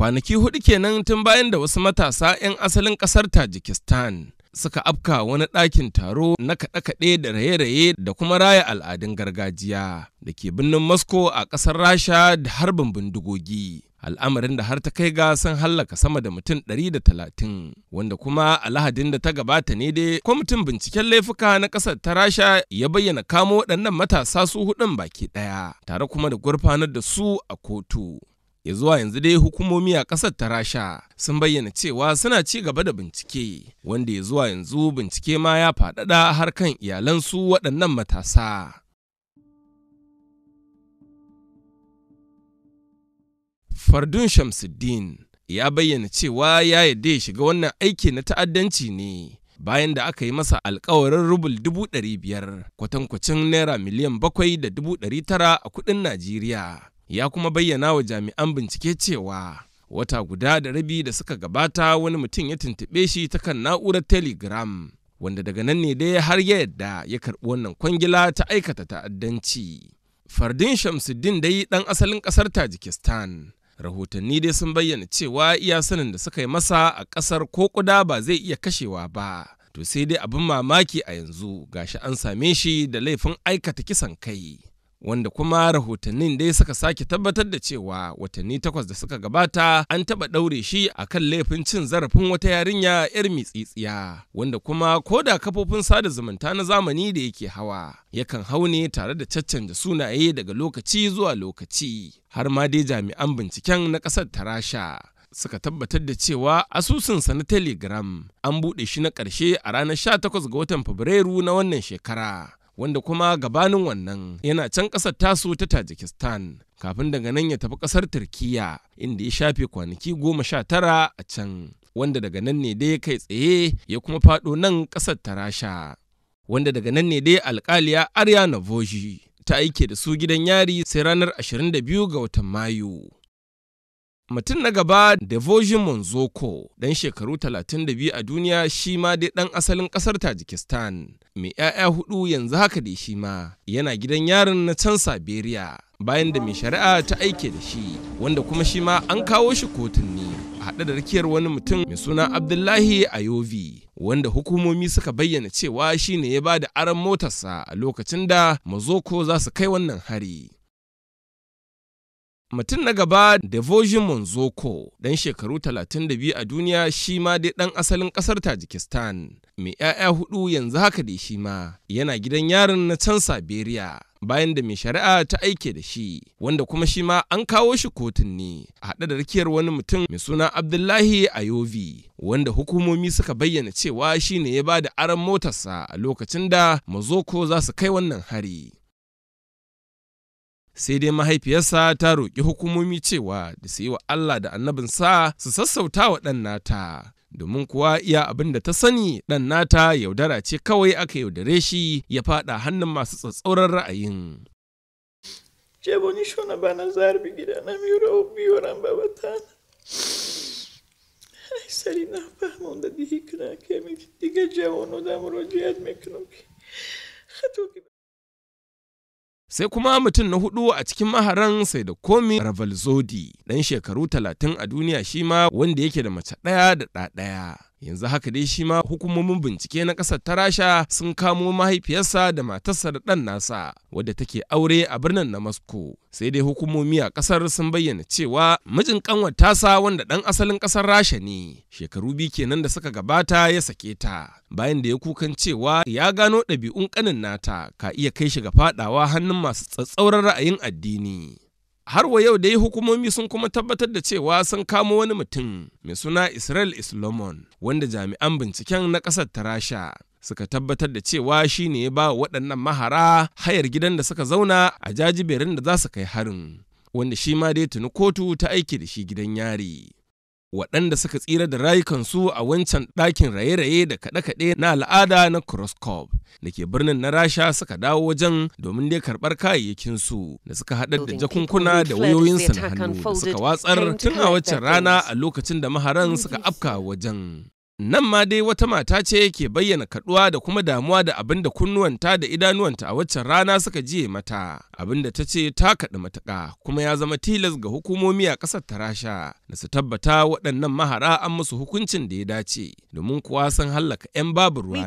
Kwanaki hudu kenan tun bayan da wasu matasa 'yan asalin ƙasar Tajikistan suka afka wani ɗakin taro na kaɗe-kaɗe da raye-raye da kuma raya al'adun gargajiya da ke birnin Moscow a ƙasar Rasha da harbin bindigogi. Al'amarin da har ta kai ga sun hallaka sama da mutum 130 wanda kuma a lahadin da ta gabata ne dai kwamitin binciken laifuka na ƙasar ta Rasha ya bayyana kamo waɗannan matasa su hudun baki ɗaya tare kuma da gurfanar da su a kotu. ya zuwa yanzu dai hukumomi a ƙasar ta rasha sun bayyana cewa suna ci gaba da bincike wanda ya zuwa yanzu bincike ma ya faɗaɗa har kan iyalansu waɗannan matasa fardun shamsuddin ya bayyana cewa ya yadda ya shiga wannan aiki na ta'addanci ne bayan da aka yi masa alkawarin rubul dubu ɗari biyar kwatankwacin naira miliyan bakwai da dubu tara a kuɗin najeriya ya kuma bayyana wa jami'an bincike cewa wata guda da rabi da suka gabata wani mutum ya tuntuɓe shi ta kan na'urar telegram wanda daga nan ne dai har ya yadda ya karɓi wannan kwangila ta aikata ta'addanci fardin shamsuddin dai ɗan asalin ƙasar tajikistan rahotanni dai sun bayyana cewa iya sanin da suka yi masa a ƙasar ko kuda ba zai iya kashewa ba to sai dai abin mamaki a yanzu gashi an same shi da laifin aikata kisan kai wanda kuma rahotannin dai suka sake tabbatar da cewa watanni takwas da suka gabata an taba ɗaure shi a kan laifin cin zarafin wata yarinya 'yar mitsitsiya wanda kuma ko da kafofin sada zumunta na zamani da yake hawa yakan hau ne tare da caccanja sunaye daga lokaci zuwa lokaci har ma dai jami'an binciken na ƙasar tarasha suka tabbatar da cewa asusunsa na telegram an buɗe shi na ƙarshe a ranar 18 ga watan fabrairu na wannan shekara wanda kuma gabanin wannan yana can ƙasar tasu ta tajikistan kafin daga nan ya tafi ƙasar turkiya inda ya shafe kwanaki goma sha tara a can wanda daga nan ne dai kai tsaye ya kuma faɗo nan ƙasar rasha, wanda daga nan ne dai alƙaliya arya navoji ta aike da su gidan yari sai ranar 22 ga watan mayu Mutum na gaba devotion Monzoko, dan shekaru 32 a duniya shi ma dai ɗan asalin ƙasar Tajikistan, mai 'ya'ya hudu yanzu haka dai shi ma yana gidan yarin na can Saberiya bayan da mai shari'a ta aike da shi, wanda kuma shi ma an kawo shi kotun ne a haɗe da rakiyar wani mutum mai suna Abdullahi Ayovi. wanda hukumomi suka bayyana cewa shi ne ya ba da aron motarsa a lokacin da mazoko za su kai wannan hari Mutum na gaba Devotion Monzoko, dan shekaru 32 a duniya shi ma dai ɗan asalin ƙasar Tajikistan, mai 'ya'ya hudu yanzu haka dai shi ma, yana gidan yarin na can Siberia, bayan da mai shari'a ta aike da shi wanda kuma shi ma an kawo shi kotun ne a haɗe da rikiyar wani mutum mai suna abdullahi ayovi wanda hukumomi suka bayyana cewa shi ne ya ba da aron motarsa a lokacin da mazoko za su kai wannan hari sai dai mahaifiyarsa ta roƙi hukumomi cewa da su yi wa Allah da annabinsa su sassauta wa ɗan nata. Domin kuwa iya abin da ta sani ɗan nata yaudara ce kawai aka yaudare shi ya faɗa hannun masu tsatsauran ra'ayin. جوانیشون sai kuma mutum na hudu a cikin maharan sai da komi ravalzodi dan shekaru talatin a duniya shi ma wanda yake da mace ɗaya da ɗa ɗaya yanzu haka dai shi ma hukumomin bincike na ƙasar ta rasha sun kamo mahaifiyarsa da matarsa da ɗan nasa wadda take aure a birnin na sai dai hukumomi a ƙasar sun bayyana cewa mijin ƙanwar tasa wanda ɗan asalin ƙasar rasha ne shekaru biyu kenan da suka gabata ya sake ta bayan da ya kukan cewa ya gano ɗabi'un ƙanin nata ka iya kai shi ga faɗawa hannun masu tsatsauran ra'ayin addini har wa yau dai hukumomi sun kuma tabbatar da cewa sun kamo wani mutum mai suna Israel Islomon wanda jami'an binciken na ƙasar ta Rasha suka tabbatar da cewa shi ne ba waɗannan mahara hayar gidan da suka zauna a jajiberin da za su kai harin wanda shi ma dai tuni kotu ta aiki da shi gidan yari. waɗanda suka tsira da rayukansu a wancan ɗakin raye-raye da kaɗe-kaɗe na al'ada na Kroskov da ke birnin na Rasha suka dawo wajen domin dai karɓar kayayyakinsu da suka haɗar da jakunkuna da wayoyinsu na hannu da suka watsar tun a rana a lokacin da maharan suka afka wajen. Nan ma dai wata mata ce yake bayyana kaduwa da kuma damuwa da abin da kunnuwanta da idanuwanta a waccan rana suka jiye mata, abin da ta ce ta kaɗi matuƙa kuma ya zama tilas ga hukumomi a ƙasar Tarasha da su tabbata waɗannan mahara an musu hukuncin da ya dace, domin kuwa sun hallaka 'yan babu ruwana.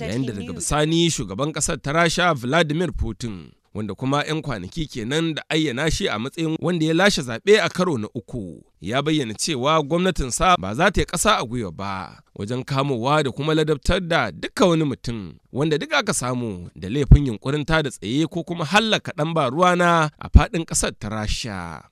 Yayin da daga bisani shugaban ƙasar Tarasha Vladimir Putin wanda kuma 'yan kwanaki kenan da ayyana shi a matsayin wanda ya lashe zaɓe a karo na uku ya bayyana cewa gwamnatin sa ba za ta yi ƙasa a gwiwa ba wajen kamowa da kuma ladabtar da duka wani mutum wanda duk aka samu da laifin yunkurin ta da tsaye ko kuma hallaka ɗan ba ruwana a faɗin ƙasar ta rasha.